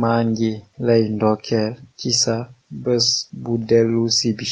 maa ngi lay ndokkeel ci sa bés bu dellusi bi